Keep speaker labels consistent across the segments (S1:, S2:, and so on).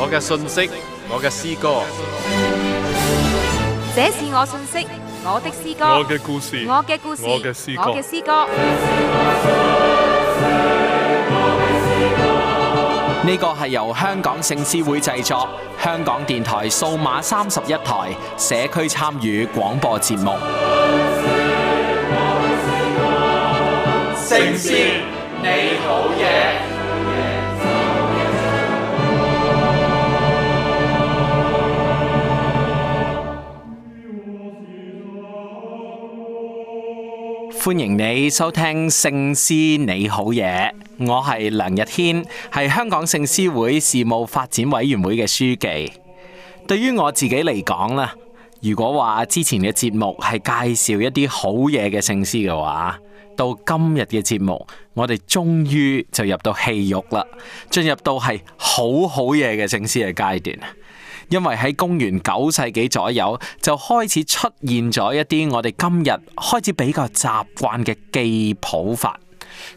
S1: 我嘅信息，我嘅詩歌。
S2: 這是我信息，我的詩歌。我嘅
S1: 故
S3: 事，我嘅故事，我嘅詩歌，我嘅
S2: 詩歌。
S3: 呢個係由香港聖詩會製作，香港電台數碼三十一台社區參與廣播節目。
S4: 聖詩，你好嘢。
S3: 歡迎你收聽聖詩你好嘢，我係梁日軒，係香港聖詩會事務發展委員會嘅書記。對於我自己嚟講咧，如果話之前嘅節目係介紹一啲好嘢嘅聖詩嘅話，到今日嘅節目，我哋終於就入到戲肉啦，進入到係好好嘢嘅聖詩嘅階段。因為喺公元九世紀左右就開始出現咗一啲我哋今日開始比較習慣嘅記譜法，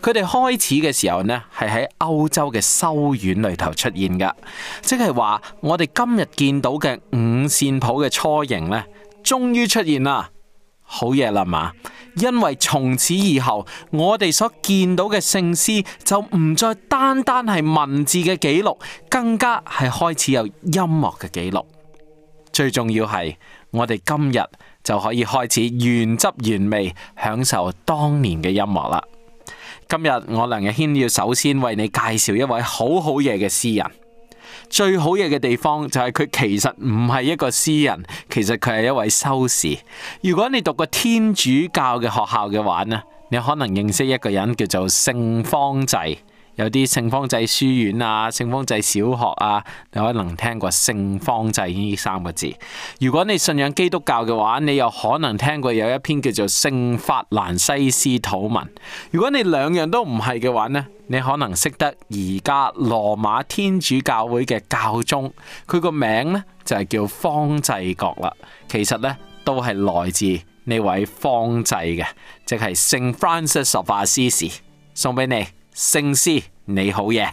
S3: 佢哋開始嘅時候呢，係喺歐洲嘅修院裏頭出現嘅，即係話我哋今日見到嘅五線譜嘅雛形呢，終於出現啦。好嘢啦嘛，因為從此以後，我哋所見到嘅聖詩就唔再單單係文字嘅記錄，更加係開始有音樂嘅記錄。最重要係，我哋今日就可以開始原汁原味享受當年嘅音樂啦。今日我梁日軒要首先為你介紹一位好好嘢嘅詩人。最好嘢嘅地方就係佢其實唔係一個詩人，其實佢係一位修士。如果你讀過天主教嘅學校嘅話呢，你可能認識一個人叫做聖方濟。有啲聖方濟書院啊，聖方濟小學啊，你可能聽過聖方濟呢三個字。如果你信仰基督教嘅話，你有可能聽過有一篇叫做《聖法蘭西斯土文》。如果你兩樣都唔係嘅話呢，你可能識得而家羅馬天主教會嘅教宗，佢個名呢就係叫方濟國啦。其實呢都係來自呢位方濟嘅，即係 Saint Francis of Assisi。送俾你。聖詩，你好嘢。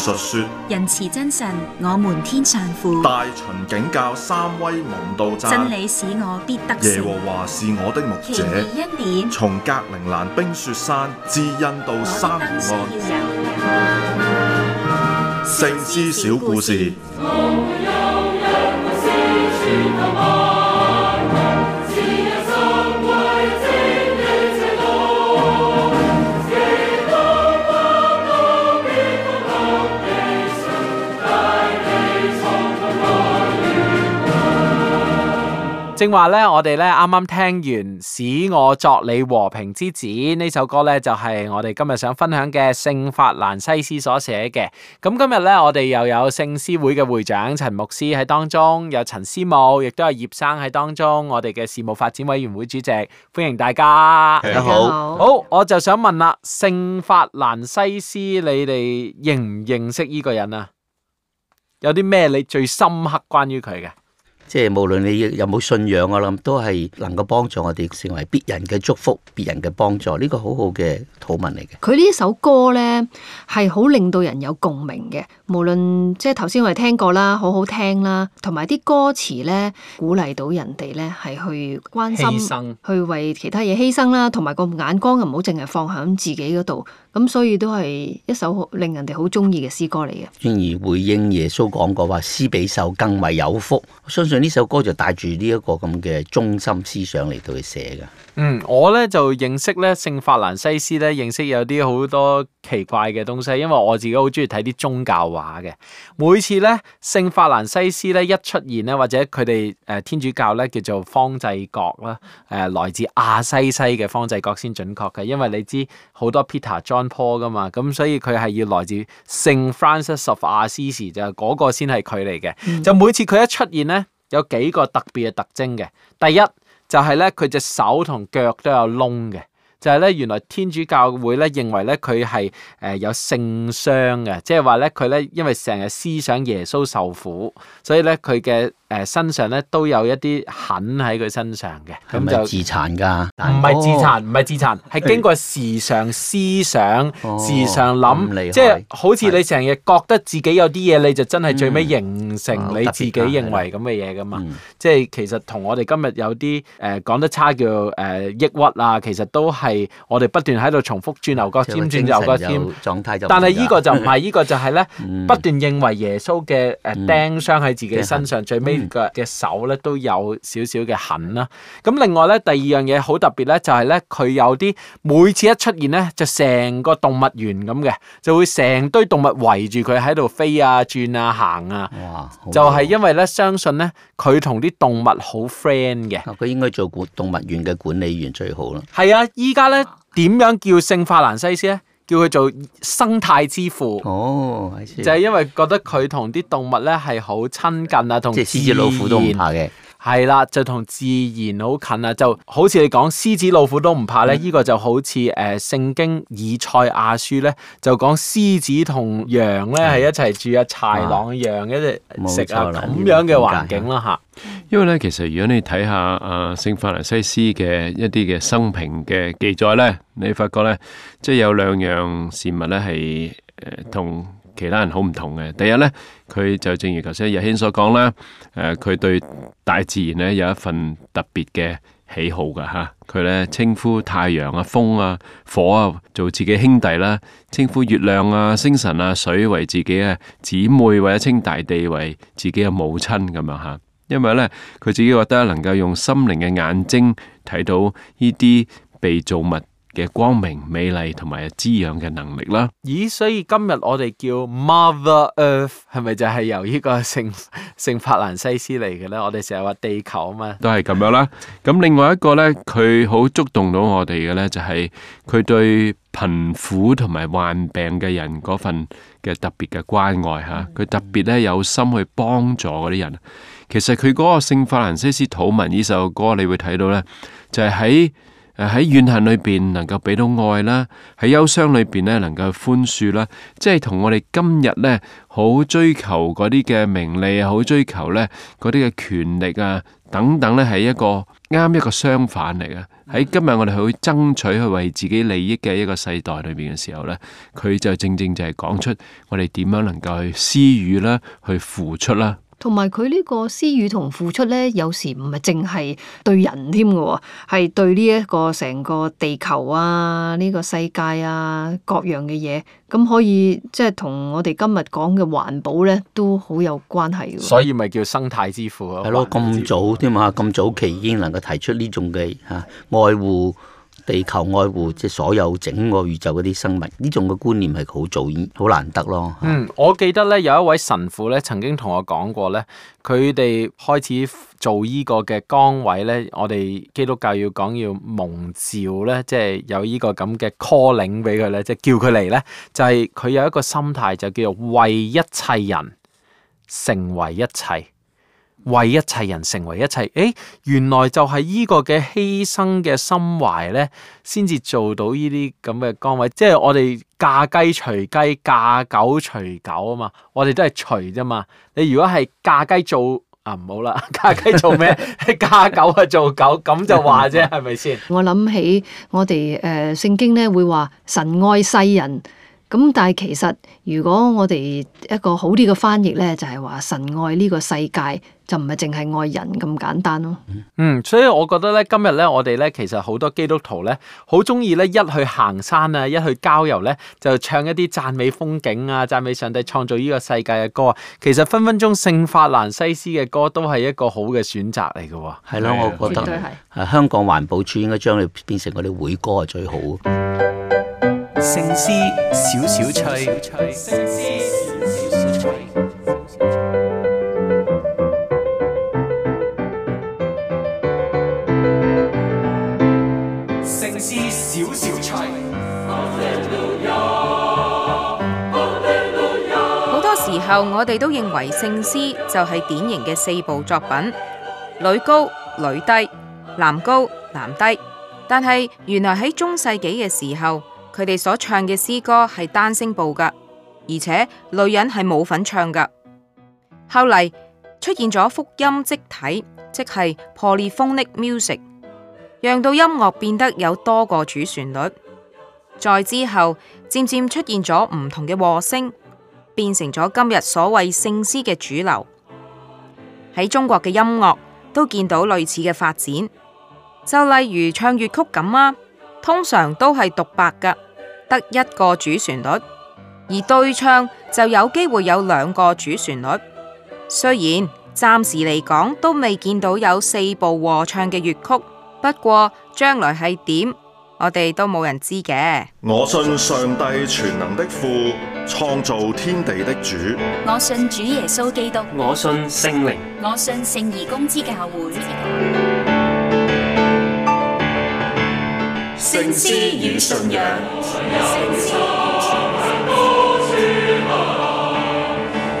S2: 述說仁慈真神，我們天上父。大秦
S5: 景教三威蒙度讚，真理
S2: 使我必得。耶和
S5: 華是我的牧者，年年從格陵蘭冰雪山至印度珊瑚島，聖詩小故事。
S3: 正話咧，我哋咧啱啱聽完《使我作你和平之子》呢首歌咧，就係我哋今日想分享嘅聖法蘭西斯所寫嘅。咁今日咧，我哋又有聖詩會嘅會長陳牧師喺當中，有陳思慕，亦都有葉生喺當中，我哋嘅事務發展委員會主席，歡迎大家。大家好，好，我就想問啦，聖法蘭西斯，你哋認唔認識呢個人啊？有啲咩你最深刻關於佢嘅？
S6: 即係無論你有冇信仰，我諗都係能夠幫助我哋成為別人嘅祝福、別人嘅幫助，呢個好好嘅禱文嚟嘅。
S7: 佢呢首歌咧係好令到人有共鳴嘅。無論即係頭先我哋聽過啦，好好聽啦，同埋啲歌詞咧鼓勵到人哋咧係去關心，牲去為其他嘢犧牲啦，同埋個眼光又唔好淨係放喺自己嗰度，咁所以都係一首令人哋好中意嘅詩歌嚟
S6: 嘅。而回應耶穌講過話，施比受更為有福，我相信呢首歌就帶住呢一個咁嘅中心思想嚟到去寫嘅。嗯，
S3: 我咧就認識咧聖法蘭西斯咧，認識有啲好多奇怪嘅東西，因為我自己好中意睇啲宗教嘅每次咧，聖法蘭西斯咧一出現咧，或者佢哋誒天主教咧叫做方濟各啦，誒來自亞西西嘅方濟各先準確嘅，因為你知好多 Peter、John、Paul 噶嘛，咁所以佢係要來自聖 Francis of Assisi 就嗰個先係佢嚟嘅。嗯、就每次佢一出現咧，有幾個特別嘅特徵嘅，第一就係咧佢隻手同腳都有窿嘅。就係咧，原來天主教會咧認為咧佢係誒有聖傷嘅，即係話咧佢咧因為成日思想耶穌受苦，所以咧佢嘅誒身上咧都有一啲痕喺佢身上嘅。咁就自殘
S6: 㗎？唔係自殘，
S3: 唔係自殘，係經過時常思想、時常諗，即係好似你成日覺得自己有啲嘢，你就真係最尾形成你自己認為咁嘅嘢噶嘛。即係、嗯嗯、其實同我哋今日有啲誒講得差叫誒、呃、抑鬱啊，其實都係。係我哋不斷喺度重複轉牛角尖，轉牛角尖。狀態就，但係依個就唔係，依個就係咧，不斷認為耶穌嘅誒釘傷喺自己身上，最尾腳嘅手咧都有少少嘅痕啦。咁另外咧，第二樣嘢好特別咧，就係咧佢有啲每次一出現咧，就成個動物園咁嘅，就會成堆動物圍住佢喺度飛啊、轉啊、行啊。哇！就係因為咧相信咧，佢同啲動物好 friend 嘅。佢應該做管動物園嘅管理員最好咯。係啊，依家。家咧點樣叫聖法蘭西斯咧？叫佢做生態之父，oh, I see. 就係因為覺得佢同啲動物咧係好親近啊，同自然，即係獅子老虎都唔怕嘅。係啦，就同自然好近啊，就好似你講獅子老虎都唔怕呢，呢、嗯、個就好似誒聖經以賽亞書呢，就講獅子同羊呢係、嗯、一齊住啊，豺狼羊一直食下咁樣嘅環
S1: 境咯吓。因為呢，其實如果你睇下阿聖、呃、法蘭西斯嘅一啲嘅生平嘅記載呢，你發覺呢，即係有兩樣事物呢係同、呃、其他人好唔同嘅。第一呢。佢就正如頭先日軒所講啦，誒，佢對大自然咧有一份特別嘅喜好噶吓，佢咧稱呼太陽啊、風啊、火啊做自己兄弟啦，稱呼月亮啊、星辰啊、水為自己啊姊妹，或者稱大地為自己嘅母親咁樣吓，因為咧佢自己覺得能夠用心靈嘅眼睛睇到呢啲被造物嘅光明、美麗同埋滋養嘅能力啦。
S3: 咦，所以今日我哋叫 Mother Earth，係咪就係由呢個聖聖法蘭西斯嚟嘅呢？我哋成日話地球啊嘛，
S1: 都係咁樣啦。咁另外一個呢，佢好觸動到我哋嘅呢，就係、是、佢對貧苦同埋患病嘅人嗰份嘅特別嘅關愛吓，佢特別咧有心去幫助嗰啲人。其實佢嗰、嗰個聖法蘭西斯禱文呢首歌，你會睇到呢，就係喺。喺怨恨裏邊能夠俾到愛啦，喺憂傷裏邊咧能夠去寬恕啦，即係同我哋今日咧好追求嗰啲嘅名利啊，好追求咧嗰啲嘅權力啊等等咧，係一個啱一個相反嚟嘅。喺今日我哋去爭取去為自己利益嘅一個世代裏邊嘅時候咧，佢就正正就係講出我哋點樣能夠去施予啦，去付出啦。
S7: 同埋佢呢個施予同付出咧，有時唔係淨係對人添嘅喎，係對呢一個成個地球啊、呢個世界啊各樣嘅嘢，咁可以即係同我哋今日講嘅環保咧，都好有關係嘅。所
S3: 以咪叫生態之
S6: 父啊，係咯了，咁早添嘛，咁早期已經能夠提出呢種嘅嚇愛護。地球愛護即係所有整個宇宙嗰啲生物，呢種嘅觀念係好早、好難得咯。嗯，
S3: 我記得咧有一位神父咧曾經同我講過咧，佢哋開始做依個嘅崗位咧，我哋基督教要講要蒙召咧，即係有依個咁嘅 calling 俾佢咧，即係叫佢嚟咧，就係佢有一個心態就叫做為一切人成為一切。為一切人成為一切，誒，原來就係依個嘅犧牲嘅心懷咧，先至做到呢啲咁嘅崗位。即係我哋嫁雞隨雞，嫁狗隨狗啊嘛，我哋都係隨啫嘛。你如果係嫁雞做，啊唔好啦，嫁雞做咩？ 嫁狗啊做狗，咁就話啫，係咪先？
S7: 我諗起我哋誒、呃，聖經咧會話神愛世人。咁但係其實，如果我哋一個好啲嘅翻譯咧，就係話神愛呢個世界，就唔係淨係愛人咁簡單咯。嗯，
S3: 所以我覺得咧，今日咧，我哋咧其實好多基督徒咧，好中意咧一去行山啊，一去郊遊咧，就唱一啲讚美風景啊、讚美上帝創造呢個世界嘅歌。其實分分鐘聖法蘭西斯嘅歌都係一個好嘅選擇嚟嘅。係咯，我覺得
S6: 香港環保署應該將佢變成嗰啲會歌係最好。
S3: 聖詩少少趣，聖詩少少趣，
S2: 聖詩少少趣。好多時候我哋都認為聖詩就係典型嘅四部作品，女高、女低、男高、男低，但係原來喺中世紀嘅時候。佢哋所唱嘅詩歌係單聲部噶，而且女人係冇份唱噶。後嚟出現咗複音織體，即係 polyphonic music，讓到音樂變得有多個主旋律。再之後，漸漸出現咗唔同嘅和聲，變成咗今日所謂聖詩嘅主流。喺中國嘅音樂都見到類似嘅發展，就例如唱粵曲咁啊。通常都係獨白噶，得一個主旋律；而對唱就有機會有兩個主旋律。雖然暫時嚟講都未見到有四部和唱嘅粵曲，不過將來係點，我哋都冇人知嘅。
S5: 我信上帝全能的父，創造天地的主。
S2: 我信主耶穌基督。
S5: 我信聖靈。
S2: 我信聖而公之教會。
S4: 聖詩與信仰，誰有決心行高處啊？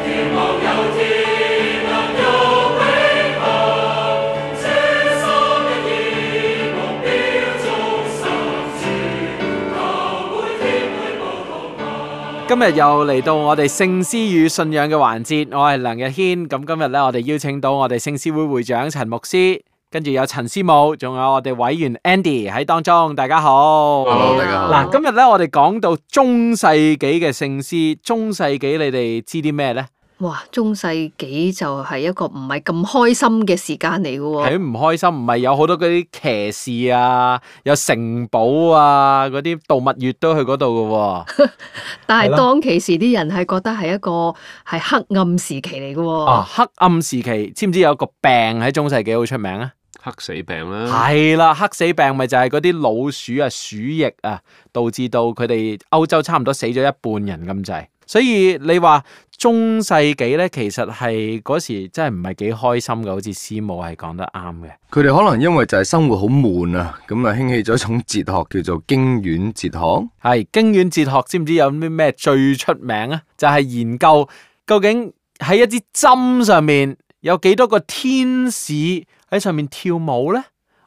S4: 如望有天，但有歸航，借宿的一幕，別中散去，求每天會報答。
S3: 今日又嚟到我哋聖詩與信仰嘅環節，我係梁日軒。咁今日咧，我哋邀請到我哋聖詩會會長陳牧師。跟住有陳思武，仲有我哋委員 Andy 喺當中，大家好。Hello，大家好。嗱，今日咧，我哋講到中世紀嘅聖詩，中世紀你哋知啲咩咧？
S7: 哇，中世紀就係一個唔係咁開心嘅時間嚟嘅喎。係唔
S3: 開心？唔係有好多嗰啲騎士啊，有城堡啊，嗰啲度蜜月都去嗰度嘅喎。
S7: 但係當其時啲人係覺得係一個係黑暗時期嚟嘅。啊，
S3: 黑暗時期，知唔知有一個病喺中世紀好出名啊？黑死病啦。啊，係啦，黑死病咪就係嗰啲老鼠啊、鼠疫啊，導致到佢哋歐洲差唔多死咗一半人咁滯。所以你話中世紀咧，其實係嗰時真係唔係幾開心嘅，好似師母係講得啱嘅。
S5: 佢哋可能因為就係生活好悶啊，咁啊興起咗一種哲
S3: 學叫做經院哲學。係經院哲學，知唔知有啲咩最出名啊？就係、是、研究究竟喺一支針上面有幾多個天使。喺上面跳舞咧，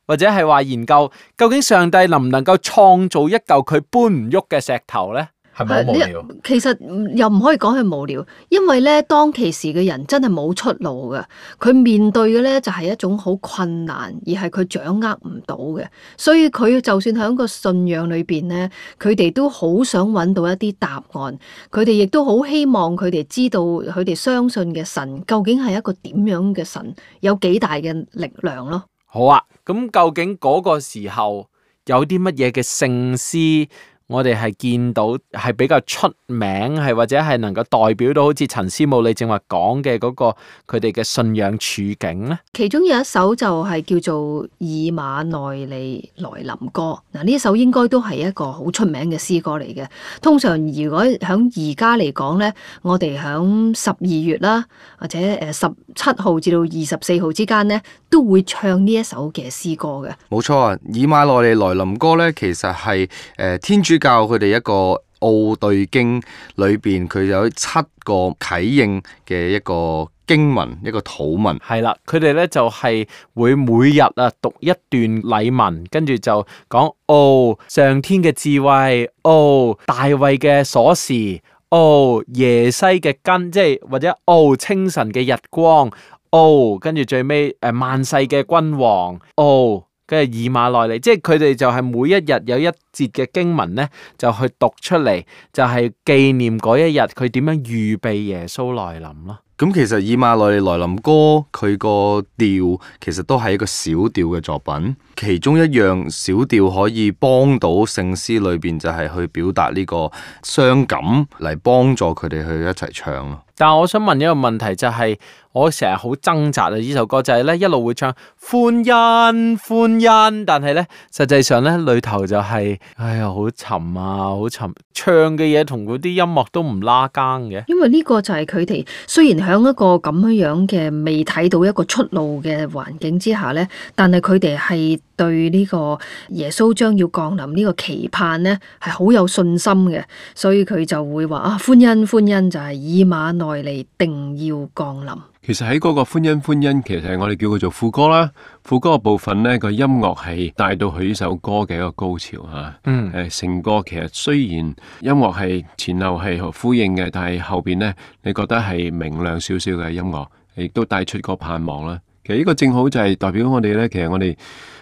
S3: 或者係話研究究竟上帝能唔能夠創造一舊佢搬唔喐嘅石頭咧？係咪好無聊？
S7: 其實又唔可以講佢無聊，因為咧當其時嘅人真係冇出路嘅，佢面對嘅咧就係一種好困難，而係佢掌握唔到嘅。所以佢就算喺個信仰裏邊咧，佢哋都好想揾到一啲答案，佢哋亦都好希望佢哋知道佢哋相信嘅神究竟係一個點樣嘅神，有幾大嘅力量咯。
S3: 好啊，咁究竟嗰個時候有啲乜嘢嘅聖詩？我哋係見到係比較出名，係或者係能夠代表到好似陳師母你正話講嘅嗰個佢哋嘅信仰處境咧。
S7: 其中有一首就係叫做《以馬內利來臨歌》，嗱呢一首應該都係一個好出名嘅詩歌嚟嘅。通常如果響而家嚟講咧，我哋響十二月啦，或者誒十七號至到二十四號之間咧，都會唱呢一首嘅詩歌嘅。
S5: 冇錯啊，《以馬內利來臨歌》咧，其實係誒、呃、天主。教佢哋一個奧對經裏邊，佢有
S3: 七個啟應嘅一個經文，一個禱文。係啦，佢哋咧就係會每日啊讀一段禮文，跟住就講奧、哦、上天嘅智慧，奧、哦、大衛嘅鎖匙，奧、哦、耶西嘅根，即係或者奧、哦、清晨嘅日光，奧跟住最尾誒萬世嘅君王，奧、哦。即係以馬內利，即係佢哋就係每一日有一節嘅經文咧，就去讀出嚟，就係、是、紀念嗰一日佢點樣預備耶穌來臨咯。
S5: 咁其實以馬內利來臨歌佢個調其實都係一個小調嘅作品，其中一樣小調可以幫到聖詩裏邊就係去表達呢個傷感，嚟幫助佢
S3: 哋去一齊唱咯。但係我想問一個問題就係，我成日好掙扎啊！呢首歌就係咧一路會唱歡欣歡欣，但係咧實際上咧裏頭就係，哎呀好沉啊，好沉，唱嘅嘢同嗰啲音樂都唔拉更嘅。
S7: 因為呢個就係佢哋雖然喺一個咁樣樣嘅未睇到一個出路嘅環境之下咧，但係佢哋係，對呢個耶穌將要降臨呢個期盼呢，係好有信心嘅，所以佢就會話啊，歡欣歡欣，就係以馬內利定要降臨。
S1: 其實喺嗰個歡欣歡欣，其實係我哋叫佢做副歌啦。副歌嘅部分呢，個音樂係帶到佢呢首歌嘅一個高潮吓。嗯，誒、呃，成歌其實雖然音樂係前後係呼應嘅，但係後邊呢，你覺得係明亮少少嘅音樂，亦都帶出個盼望啦。其實呢個正好就係代表我哋呢，其實我哋。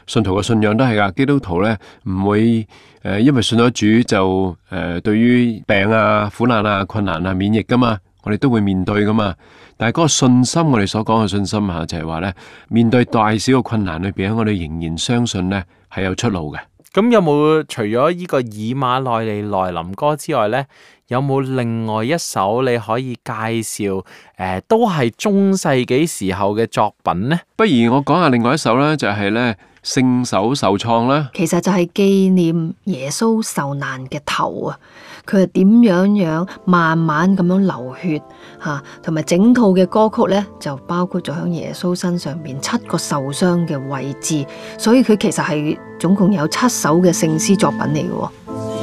S1: 信徒嘅信仰都係噶，基督徒咧唔會誒，因為信咗主就誒，對於病啊、苦難啊、困難啊免疫噶嘛，我哋都會面對噶嘛。但係嗰個信心，我哋所講嘅信心吓，就係話咧，面對大小嘅困難裏邊，我哋仍然相信咧係有出路嘅。
S3: 咁有冇除咗呢個以馬內利來臨歌之外咧，有冇另外一首你可以介紹誒，都係中世紀時候嘅作品咧？不如我講下另外一首咧，就係咧。聖手受創啦，
S7: 守守創其實就係紀念耶穌受難嘅頭啊！佢係點樣樣慢慢咁樣流血吓，同、啊、埋整套嘅歌曲咧就包括咗響耶穌身上邊七個受傷嘅位置，所以佢其實係總共有七首嘅聖詩作品嚟嘅。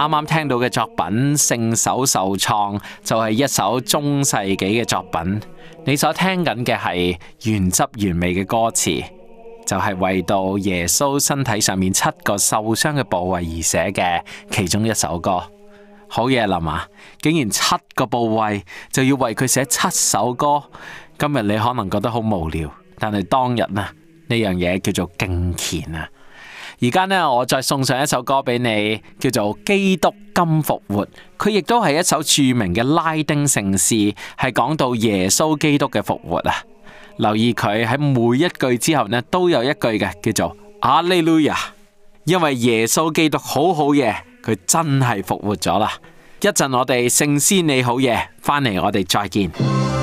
S3: 啱啱聽到嘅作品《聖手受創》就係一首中世紀嘅作品。你所聽緊嘅係原汁原味嘅歌詞，就係為到耶穌身體上面七個受傷嘅部位而寫嘅其中一首歌。好嘢啦嘛，竟然七個部位就要為佢寫七首歌。今日你可能覺得好無聊，但係當日啊，呢樣嘢叫做敬虔啊！而家呢，我再送上一首歌俾你，叫做《基督今復活》，佢亦都係一首著名嘅拉丁聖詩，係講到耶穌基督嘅復活啊！留意佢喺每一句之後呢，都有一句嘅叫做阿利路亞，因為耶穌基督好好嘢，佢真係復活咗啦！一陣我哋聖詩你好嘢，返嚟我哋再見。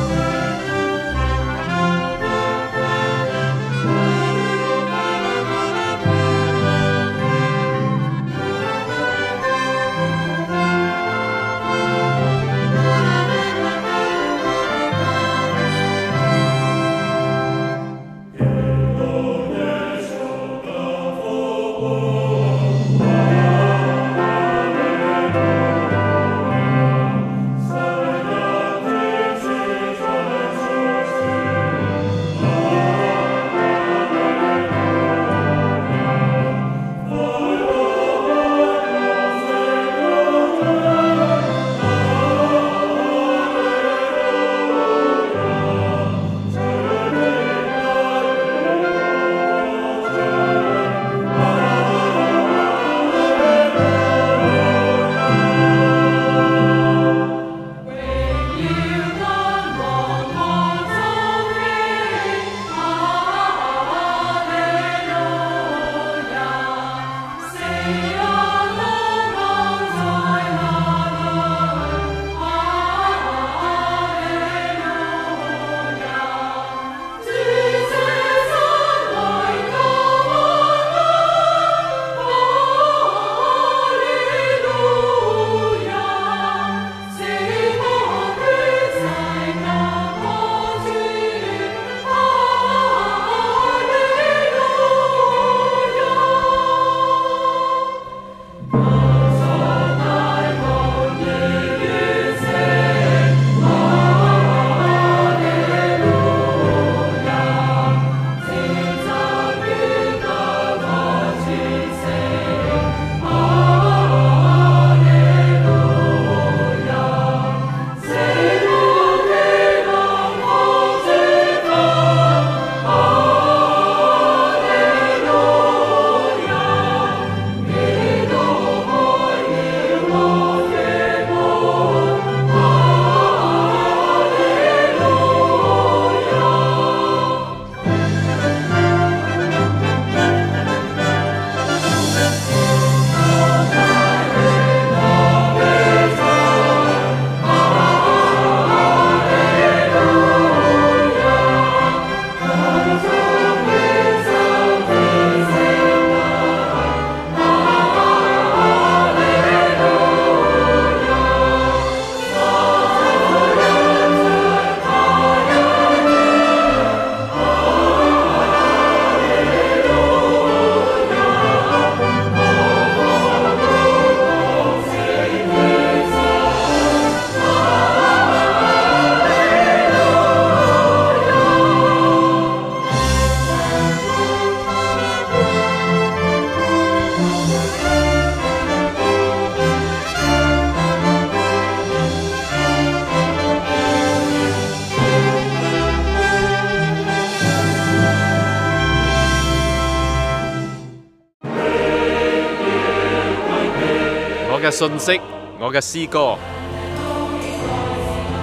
S1: 嘅信息，我嘅詩歌。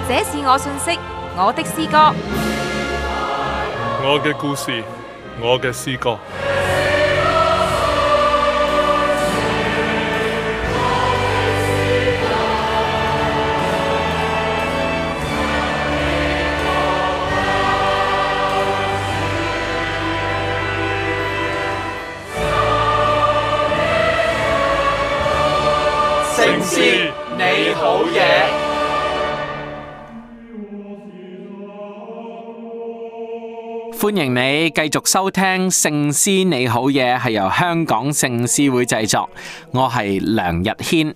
S2: 這是我信息，我的詩歌。
S8: 我嘅故事，我嘅詩歌。
S3: 歡迎你繼續收聽聖詩你好嘢，係由香港聖詩會製作。我係梁日軒，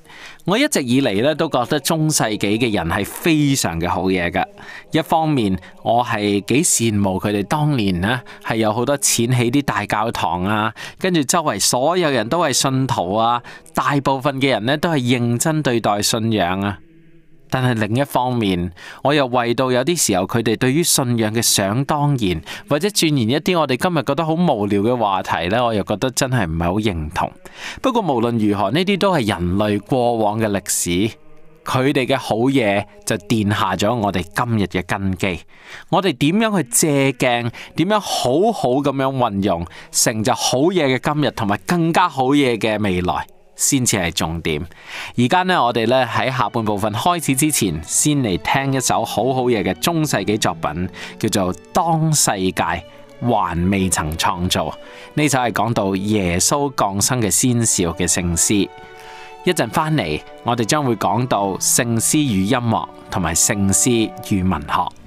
S3: 我一直以嚟咧，都覺得中世紀嘅人係非常嘅好嘢噶。一方面，我係幾羨慕佢哋當年呢，係有好多錢起啲大教堂啊，跟住周圍所有人都係信徒啊，大部分嘅人呢，都係認真對待信仰啊。但係另一方面，我又為到有啲時候佢哋對於信仰嘅想當然，或者鑽研一啲我哋今日覺得好無聊嘅話題呢，我又覺得真係唔係好認同。不過無論如何，呢啲都係人類過往嘅歷史，佢哋嘅好嘢就奠下咗我哋今日嘅根基。我哋點樣去借鏡，點樣好好咁樣運用，成就好嘢嘅今日，同埋更加好嘢嘅未來。先至係重點。而家呢，我哋咧喺下半部分開始之前，先嚟聽一首好好嘢嘅中世紀作品，叫做《當世界還未曾創造》。呢首係講到耶穌降生嘅先兆嘅聖詩。一陣返嚟，我哋將會講到聖詩與音樂，同埋聖詩與文學。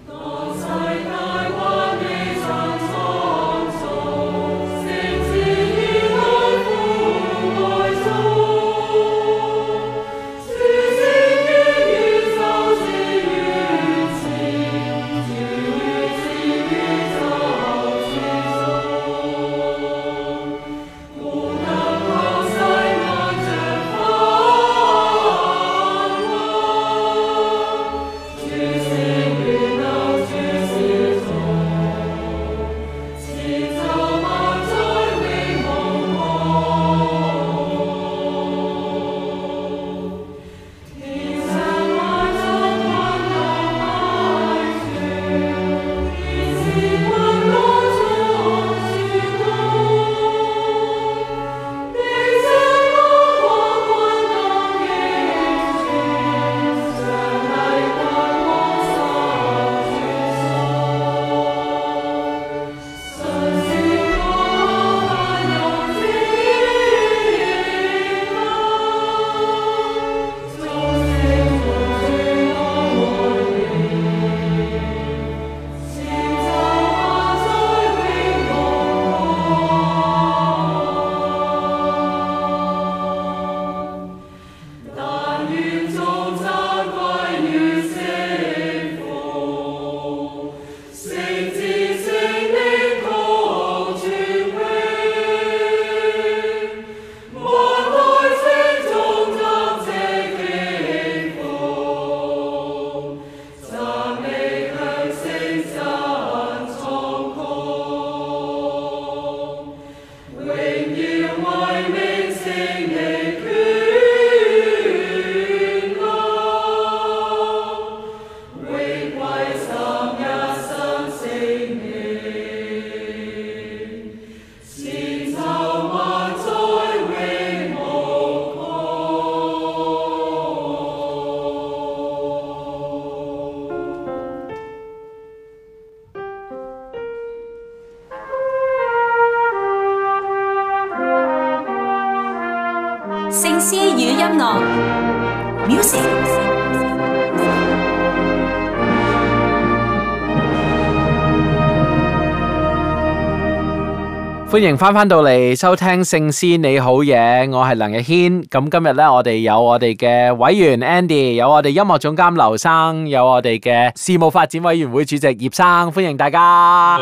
S3: 歡迎返返到嚟收聽聖詩你好嘢，我係梁日軒。咁今日咧，我哋有我哋嘅委員 Andy，有我哋音樂總監劉生，有我哋嘅事務發展委員會主席葉生。歡迎大家，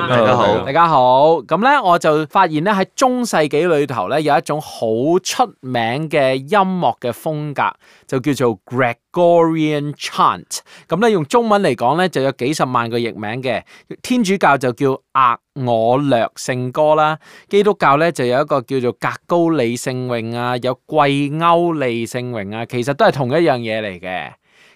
S3: 大家好，大家好。咁咧家，我就發現咧喺中世紀裏頭咧，有一種好出名嘅音樂嘅風格，就叫做 Gregorian chant。咁咧，用中文嚟講咧，就有幾十萬個譯名嘅天主教就叫額我略聖歌啦，基督教咧就有一個叫做格高里聖詠啊，有貴歐利聖詠啊，其實都係同一樣嘢嚟嘅。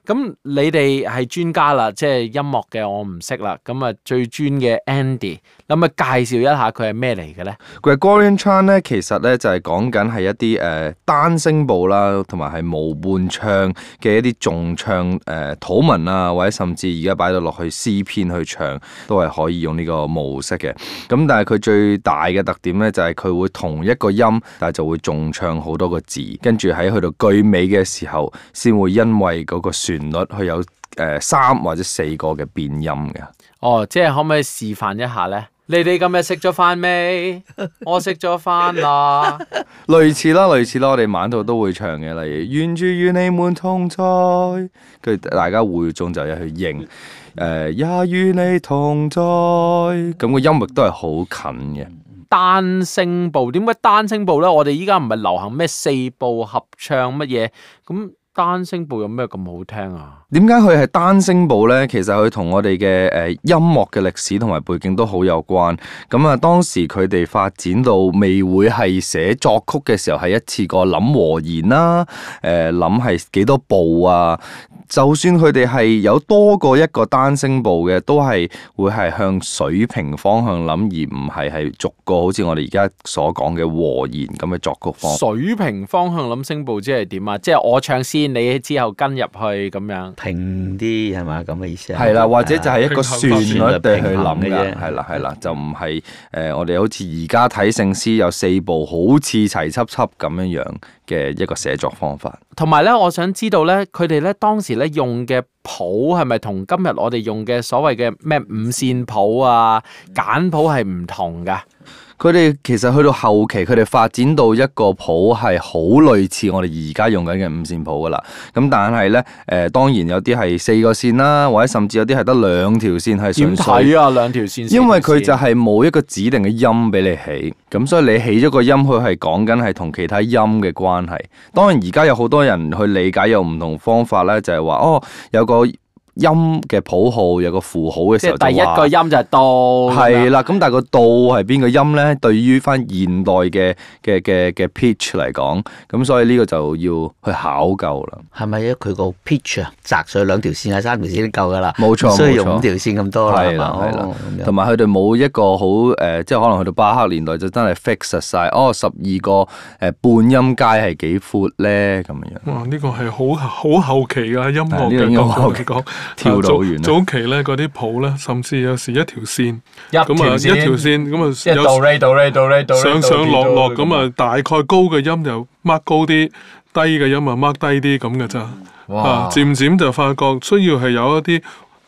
S3: 咁你哋係專家啦，即係音樂嘅我唔識啦。咁啊，最專嘅 Andy。咁咪介紹一下佢係咩嚟嘅咧？
S5: 佢係 Gregorian chant 咧，其實咧就係講緊係一啲誒、呃、單聲部啦，同埋係無伴唱嘅一啲重唱誒、呃、土文啊，或者甚至而家擺到落去詩篇去唱，都係可以用呢個模式嘅。咁但係佢最大嘅特點咧，就係、是、佢會同一個音，但係就會重唱好多個字，跟住喺去到句尾嘅時候，先會因為嗰個旋律去有誒、呃、三或者四個嘅變音嘅。
S3: 哦，即係可唔可以示範一下咧？你哋今日食咗飯未？我食咗飯啦。
S5: 類似啦，類似啦，我哋晚度都會唱嘅，例如《願主與你們同在》，跟住大家會眾就入去應。誒，也與你同在，咁個音域都係好近嘅。
S3: 單聲部，點解單聲部呢？我哋依家唔係流行咩四部合唱乜嘢咁？單聲部有咩咁好聽啊？
S5: 點解佢係單聲部呢？其實佢同我哋嘅誒音樂嘅歷史同埋背景都好有關。咁啊，當時佢哋發展到未會係寫作曲嘅時候，係一次過諗和弦啦、啊。誒，諗係幾多部啊？就算佢哋係有多過一個單聲部嘅，都係會係向水平方向諗，而唔係係逐個好似我哋而家所講嘅和弦咁嘅作曲方。
S3: 水平方向諗聲部即係點啊？即係我唱 C。你之後跟入去，咁樣平啲係嘛，咁嘅意思？係啦，或者就係一個算咗地去諗嘅啫。
S5: 係啦，係啦，就唔係，誒，我哋好似而家睇聖詩有四部，好似齊輯輯咁樣樣嘅一個寫作方法。
S3: 同埋咧，我想知道咧，佢哋咧當時咧用嘅譜係咪同今日我哋用嘅所謂嘅咩五線譜啊、簡譜係唔同㗎？
S5: 佢哋其實去到後期，佢哋發展到一個譜係好類似我哋而家用緊嘅五線譜噶啦。咁但係咧，誒、呃、當然有啲係四個線啦，或者甚至有啲係得兩條線係純粹。點睇啊？兩
S3: 條線。條線因為佢就
S5: 係冇一個指定嘅音俾你起，咁所以你起咗個音，佢係講緊係同其他音嘅關係。當然而家有好多人去理解有唔同方法咧，就係、是、話哦，有個，音嘅譜號有個符號嘅時候就話，第一個
S3: 音就係 do 係
S5: 啦。咁但係、個 do 係邊個音咧？對於翻現代嘅嘅嘅嘅
S6: pitch 嚟講，咁所以呢個就要去考究啦。係咪咧？佢個 pitch 啊，窄錯所以兩條線啊，三條線都已經夠噶啦。冇錯的，所以用五條線咁多啦。係啦的，係啦。同埋佢
S5: 哋冇一個好誒、呃，即係可能去到巴赫年代就真係 fix 晒。哦，十二個誒半音階係幾闊咧？咁樣哇，
S8: 呢、這個係好好後期噶音樂嘅角度嚟講。跳到好遠、啊、早，早期咧嗰啲譜咧，甚至有時一條線，線一條線，一條線咁啊，有上上落落咁啊，大概高嘅音就 mark 高啲，低嘅音就低哇啊 mark 低啲咁嘅咋。哇！漸漸就發覺需要係有一啲。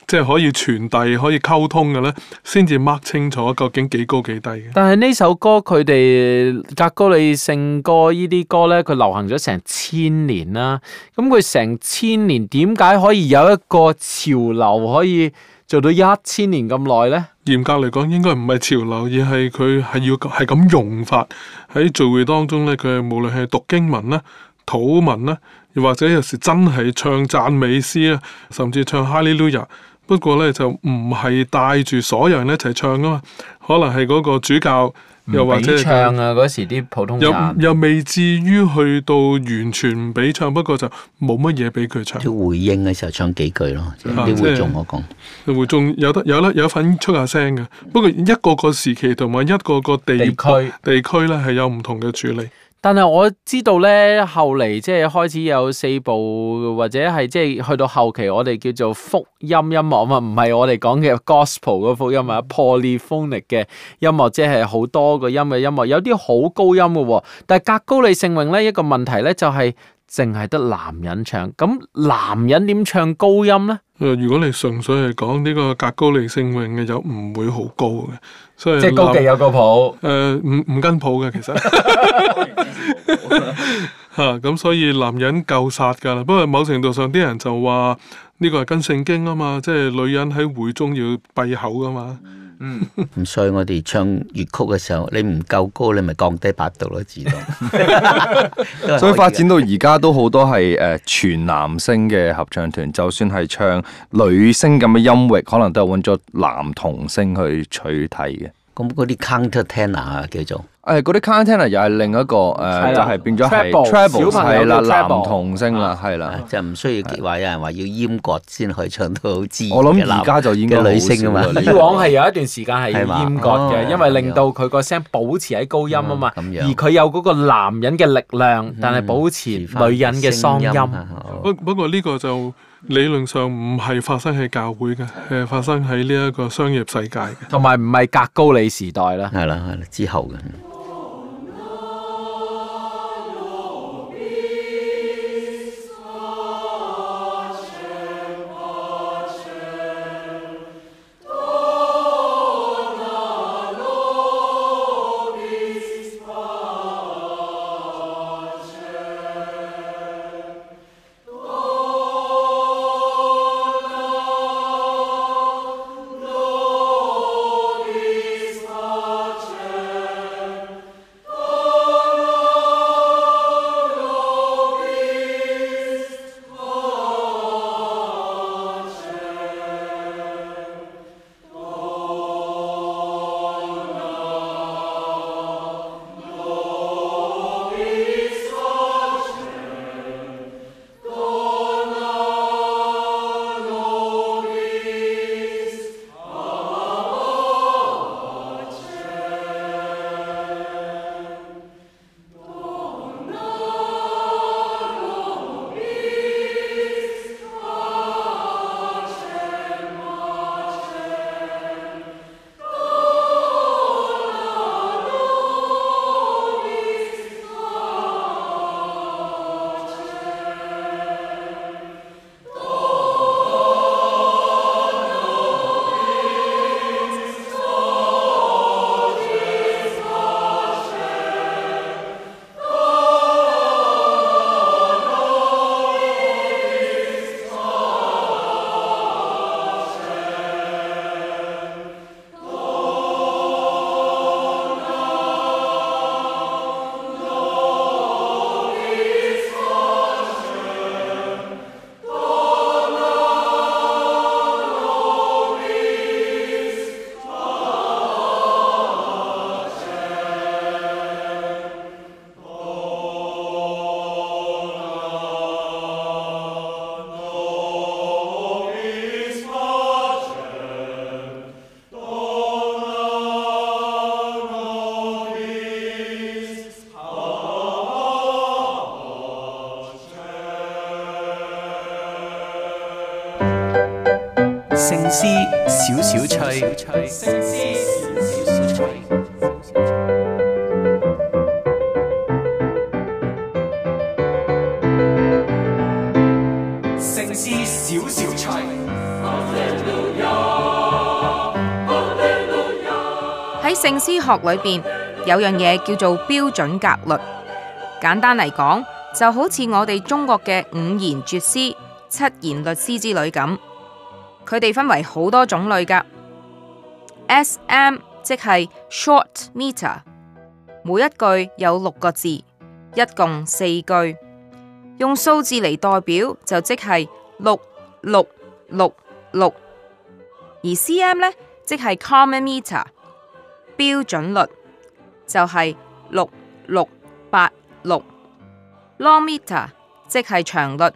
S8: 即係可以傳遞、可以溝通嘅咧，先至掹清楚究竟幾高幾低嘅。
S3: 但係呢首歌，佢哋格高里聖歌依啲歌咧，佢流行咗成千年啦、啊。咁佢成千年點解可以有一個潮流可以做到一千年咁耐咧？嚴格嚟
S8: 講，應該唔係潮流，而係佢係要係咁用法喺聚會當中咧。佢係無論係讀經文啦、土文啦，又或者有時真係唱讚美詩啦，甚至唱哈利路亞不過咧就唔係帶住所有人一齊唱噶嘛，可能係嗰個主教又或者唱啊，
S3: 嗰時啲普通又
S8: 又未至於去到完全唔俾唱，不過就冇乜嘢俾佢唱。啲回應嘅
S6: 時候唱幾句咯，啲會眾我講，
S8: 啊就係，會眾有得有啦，有份出下聲嘅。不過一個個時期同埋一個個地區地區咧係有唔同嘅處理。
S3: 但係我知道咧，後嚟即係開始有四部，或者係即係去到後期，我哋叫做福音音樂，唔係唔係我哋講嘅 gospel 嗰福音啊 polyphonic 嘅音樂，即係好多個音嘅音樂，有啲好高音嘅。但係格高利聖詠咧，一個問題咧就係、是。淨係得男人唱，咁男人點唱高音
S8: 咧？誒，如果你純粹係講呢個格高里聖詠嘅，就唔會好高嘅。所以即係高地有個譜，誒、呃，唔唔跟譜嘅其實吓，咁所以男人夠殺噶啦。不過某程度上，啲人就話呢、這個係跟聖經啊嘛，即係女人喺會中要閉口噶嘛。嗯
S6: 嗯，咁所以我哋唱粵曲嘅時候，你唔夠高，你咪降低八度咯，自動。
S4: 以 所以發展
S5: 到而家都好多係誒全男聲嘅合唱團，就算係唱女聲咁嘅音域，可能都係揾咗男童聲去取
S6: 替嘅。咁嗰啲 counter tenor 啊，ten 叫做。誒嗰啲 container 又係另一個誒，就係變咗係小朋友啦，男童聲啦，係啦，就唔需要話有人話要閹割先可以唱到好自然，我諗而家就應該嘅女聲啊嘛。以往
S3: 係有一段時間係要閹割嘅，因為令到佢個聲保持喺高音啊嘛。而佢有嗰個男人嘅力量，但係保持女人嘅嗓音。不不過呢個就
S8: 理論上唔係發生喺教會嘅，係發生喺呢一個商業世界，
S3: 同埋唔係格高里時代啦，係啦係啦，之後嘅。少少趣，聖詩
S2: 少少趣，喺聖詩學裏邊，有樣嘢叫做標準格律。簡單嚟講，就好似我哋中國嘅五言絕詩、七言律詩之類咁。佢哋分為好多種類㗎。S.M. 即係 short meter，每一句有六個字，一共四句，用數字嚟代表就即係六六六六。而 C.M. 呢，即係 common meter，標準律就係六六八六。Long meter 即係長律，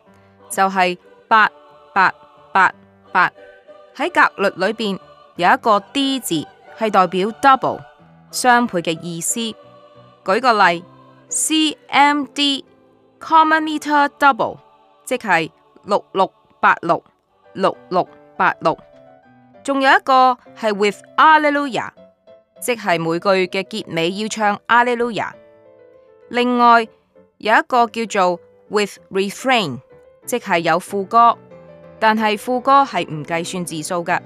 S2: 就係八八八八。喺格律裏面有一個 D 字，係代表 double 相配嘅意思。舉個例：CMD common meter double，即係六六八六、六六八六；仲有一個係 with Alleluia，即係每句嘅結尾要唱 Alleluia；另外有一個叫做 with refrain，即係有副歌。但係副歌係唔計算字數噶，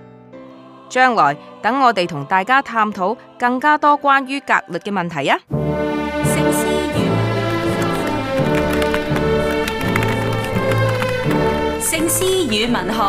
S2: 將來等我哋同大家探討更加多關於格律嘅問題啊！聖詩與，與文學。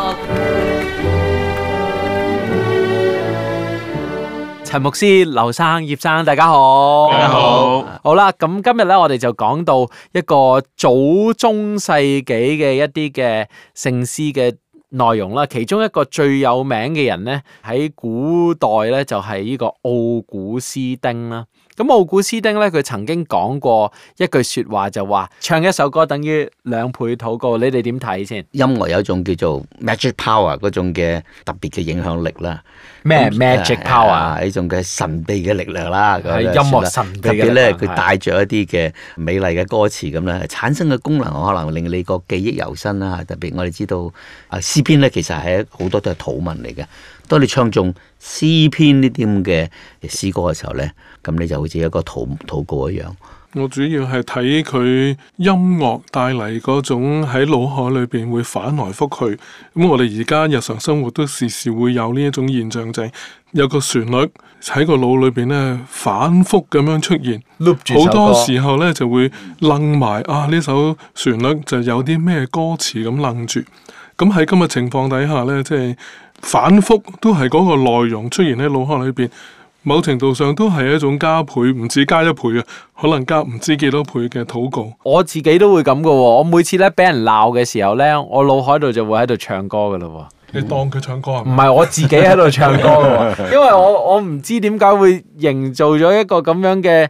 S3: 陳牧師、劉生、葉生，大家好，大家好，好啦，咁今日咧，我哋就講到一個早中世紀嘅一啲嘅聖詩嘅內容啦，其中一個最有名嘅人咧，喺古代咧就係呢個奧古斯丁啦。咁奧古斯丁咧，佢曾經講過一句説話，就話唱一首歌等於兩倍禱告。你哋點睇先？音樂有一種叫做
S6: magic power 嗰、嗯、種嘅特別嘅影響力啦，
S3: 咩 magic power？呢
S6: 種嘅神秘嘅力量啦，音樂神秘嘅力量。特別咧，佢帶著一啲嘅美麗嘅歌詞咁咧，產生嘅功能可能令你個記憶猶新啦。特別我哋知道啊，《詩篇》咧其實係好多都係禱文嚟嘅。當你唱中詩篇呢啲咁嘅詩歌嘅時候呢，咁你就好似一個禱禱告一樣。
S8: 我主要係睇佢音樂帶嚟嗰種喺腦海裏邊會反來覆去。咁我哋而家日常生活都時時會有呢一種現象，就係有個旋律喺個腦裏邊呢，反復咁樣出現。好多時候呢，就會愣埋啊！呢首旋律就有啲咩歌詞咁愣住。咁喺今日情況底下呢，即係反覆都係嗰個內容出現喺腦海裏邊，某程度上都係一種加倍，唔止加一倍啊，可能加唔知幾多倍嘅禱
S3: 告。我自己都會咁嘅喎，我每次咧俾人鬧嘅時候呢，我腦海度就會喺度唱歌噶啦喎。你當佢
S8: 唱歌啊？唔係我自己喺度唱歌噶， 因
S3: 為我我唔知點解會營造咗一個咁樣嘅。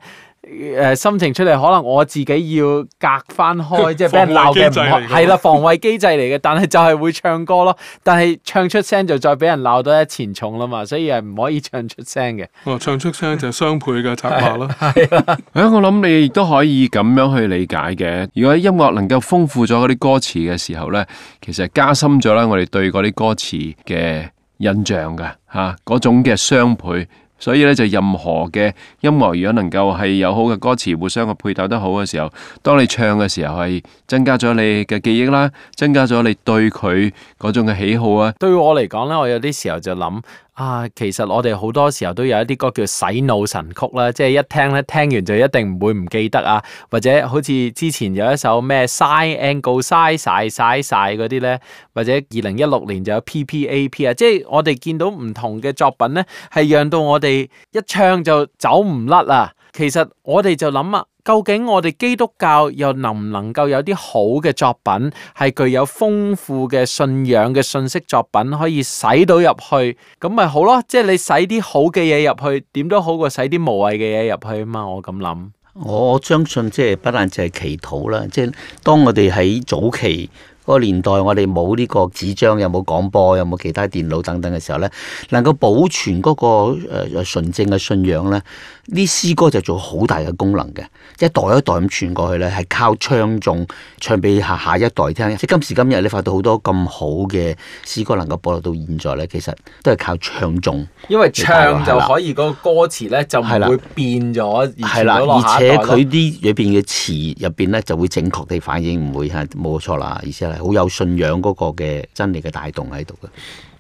S3: 誒心情出嚟，可能我自己要隔翻開，即係俾人鬧嘅唔係啦，防衞機制嚟嘅。但係就係會唱歌咯，但係唱出聲就再俾人鬧到一錢重啦嘛，所以係唔可以唱出聲嘅。
S1: 哦，唱出聲就係雙倍嘅策劃咯。係啊， 哎，我諗你亦都可以咁樣去理解嘅。如果音樂能夠豐富咗嗰啲歌詞嘅時候咧，其實加深咗咧我哋對嗰啲歌詞嘅印象嘅嚇嗰種嘅雙倍。所以咧就任何嘅音樂，如果能夠係有好嘅歌詞，互相嘅配搭得好嘅時候，當你唱嘅時候係增加咗你嘅記憶啦，增加咗你對佢嗰
S3: 種嘅喜好啊。對於我嚟講咧，我有啲時候就諗。啊，其實我哋好多時候都有一啲歌叫洗腦神曲啦，即係一聽咧，聽完就一定唔會唔記得啊。或者好似之前有一首咩《Side Angle Side Side Side》嗰啲咧，或者二零一六年就有 P P A P 啊，即係我哋見到唔同嘅作品咧，係讓到我哋一唱就走唔甩啊。其實我哋就諗啊。究竟我哋基督教又能唔能夠有啲好嘅作品，係具有豐富嘅信仰嘅信息作品，可以使到入去，咁咪好咯？即係你使啲好嘅嘢入去，點都好過使啲無謂嘅嘢入去啊嘛！我咁諗，我相信即係不但只係
S6: 祈禱啦，即係當我哋喺早期，個年代我哋冇呢個紙張，有冇廣播，有冇其他電腦等等嘅時候呢，能夠保存嗰個誒純正嘅信仰呢？啲詩歌就做好大嘅功能嘅，一代一代咁傳過去呢，係靠唱誦唱俾下下一代聽。即今時今日你發到好多咁好嘅詩歌能夠保留到現在呢，其實都係靠唱誦。
S3: 因為唱就可以嗰了個歌詞呢，就唔會變咗了而傳而且佢啲
S6: 裏邊嘅詞入邊呢，就會正確地反映，唔會係冇錯啦，好有信仰嗰個嘅真理嘅
S3: 帶動喺度嘅，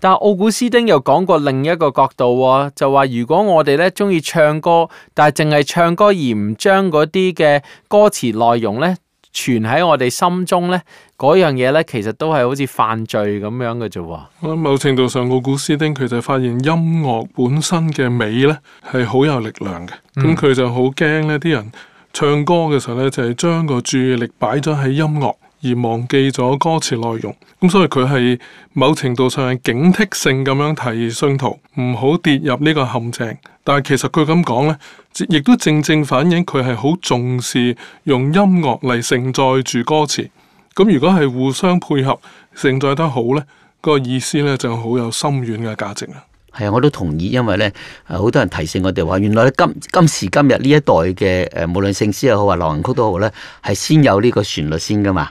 S3: 但係奧古斯丁又講過另一個角度喎，就話如果我哋咧中意唱歌，但係淨係唱歌而唔將嗰啲嘅歌詞內容咧存喺我哋心中咧，嗰樣嘢咧其實都係好似犯罪咁樣嘅啫喎。
S8: 我諗某程度上，奧古斯丁佢就發現音樂本身嘅美咧係好有力量嘅，咁佢、嗯、就好驚咧啲人唱歌嘅時候咧就係將個注意力擺咗喺音樂。而忘記咗歌詞內容，咁所以佢係某程度上警惕性咁樣提信徒唔好跌入呢個陷阱。但係其實佢咁講呢，亦都正正反映佢係好重視用音樂嚟承載住歌詞。咁如果係互相配合承載得好呢，嗰個意思呢就好有深遠嘅價值啦。
S6: 係啊，我都同意，因為呢好多人提醒我哋話，原來今今時今日呢一代嘅誒，無論聖詩又好或流行曲都好呢係先有呢個旋律先噶嘛。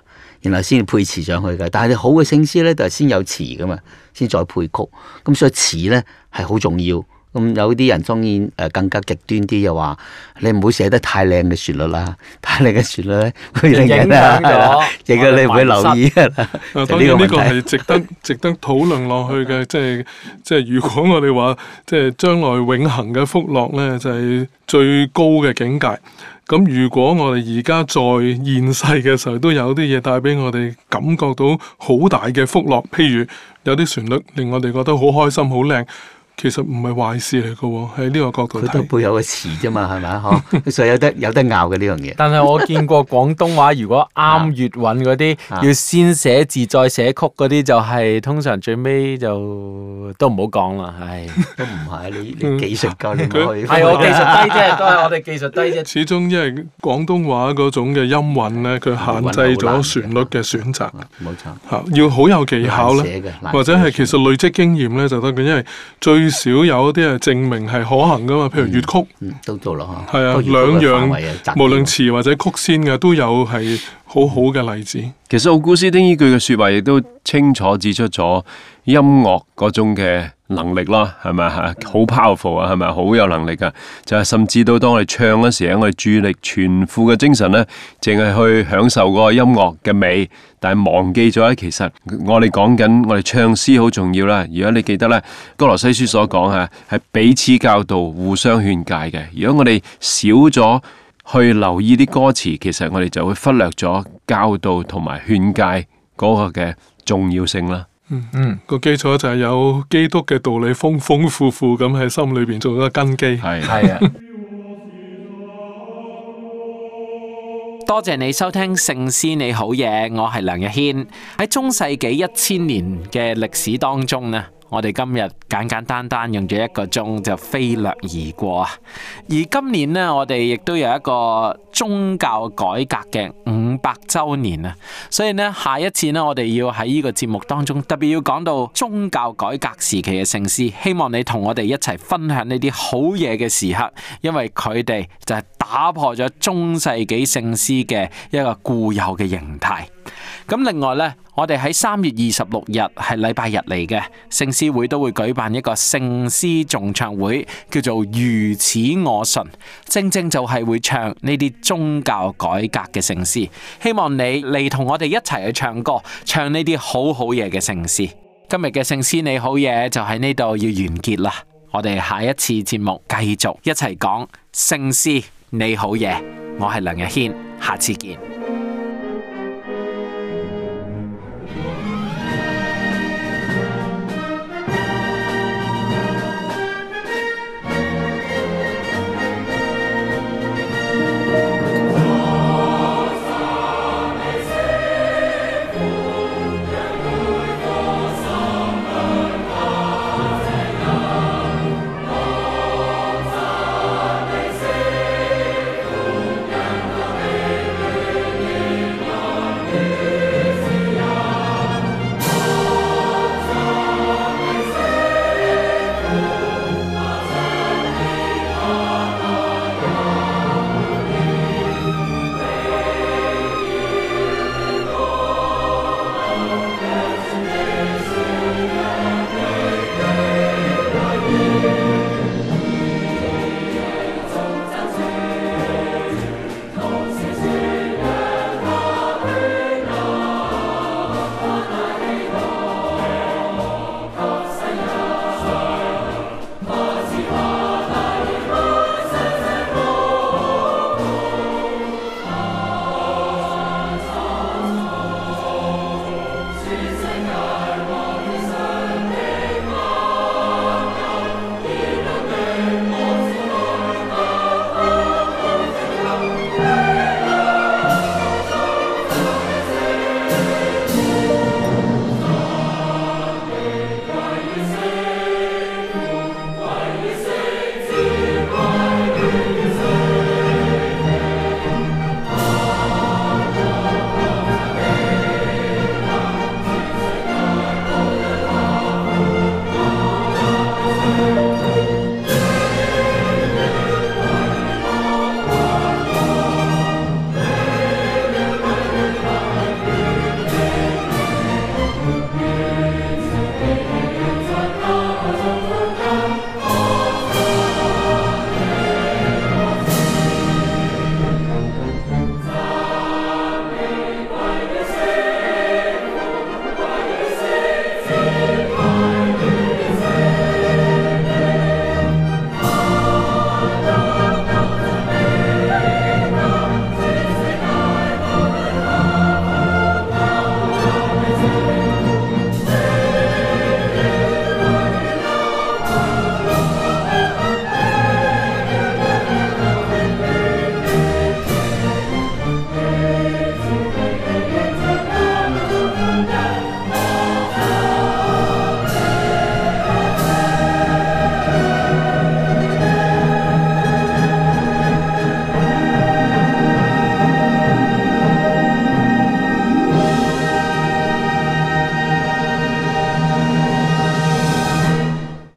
S6: 然後先配詞上去嘅，但係你好嘅聲詩咧就係先有詞噶嘛，先再配曲。咁、嗯、所以詞咧係好重要。咁、嗯、有啲人鍾意誒更加極端啲又話，你唔好寫得太靚嘅旋律啦，太靚嘅旋律佢
S4: 影響影響 你唔會留意。當然呢個係
S8: 值得 值得討論落去嘅，即係即係如果我哋話即係將來永恆嘅福樂咧，就係最高嘅境界。咁如果我哋而家在現世嘅時候，都有啲嘢帶畀我哋，感覺到好大嘅福樂，譬如有啲旋律令我哋覺得好開心、好靚。其實唔係壞事嚟噶喎，喺呢個角
S3: 度，佢都背有個詞啫嘛，係咪啊？嗬，所以有得有得拗嘅呢樣嘢。但係我見過廣東話如果啱粵韻嗰啲，要先寫字再寫曲嗰啲，就係通常最尾就都唔好講啦，唉，都唔係你技術噶，你係我技術低啫，都係我哋技術低啫。始終因為廣東話嗰種嘅音
S8: 韻咧，佢限制咗旋律嘅選擇，冇
S4: 錯，
S8: 要好有技巧咧，或者係其實累積經驗咧就得嘅，因為最最少有一啲係證明係可行噶嘛，譬如粵曲，係、嗯嗯、啊，啊兩樣無論詞或者曲先嘅都有係。好好嘅例子，
S1: 其實奧古斯丁呢句嘅說話亦都清楚指出咗音樂嗰種嘅能力啦，係咪啊？好 powerful 啊，係咪？好有能力噶，就係、是、甚至到當我哋唱嗰時，我哋注意力全副嘅精神咧，淨係去享受個音樂嘅美，但係忘記咗咧，其實我哋講緊我哋唱詩好重要啦。如果你記得咧，哥羅西書所講吓，係彼此教導、互相勸誡嘅。如果我哋少咗。去留意啲歌詞，其實我哋就會忽略咗教導同埋勸誡嗰個嘅重要性啦。嗯
S8: 嗯，個基礎就係有基督嘅道理豐豐富富咁喺心裏邊做咗個根基。係
S3: 係啊。多謝你收聽聖詩你好嘢，我係梁日軒，喺中世紀一千年嘅歷史當中啊。我哋今日簡簡單單用咗一個鐘就飛掠而過啊！而今年呢，我哋亦都有一個宗教改革嘅百周年啊，所以呢，下一次呢，我哋要喺呢個節目當中特別要講到宗教改革時期嘅聖詩，希望你同我哋一齊分享呢啲好嘢嘅時刻，因為佢哋就係打破咗中世紀聖詩嘅一個固有嘅形態。咁另外呢，我哋喺三月二十六日係禮拜日嚟嘅，聖詩會都會舉辦一個聖詩重唱會，叫做如此我信，正正就係會唱呢啲宗教改革嘅聖詩。希望你嚟同我哋一齊去唱歌，唱呢啲好好嘢嘅聖詩。今日嘅聖詩你好嘢就喺呢度要完結啦。我哋下一次節目繼續一齊講聖詩你好嘢。我係梁日軒，下次見。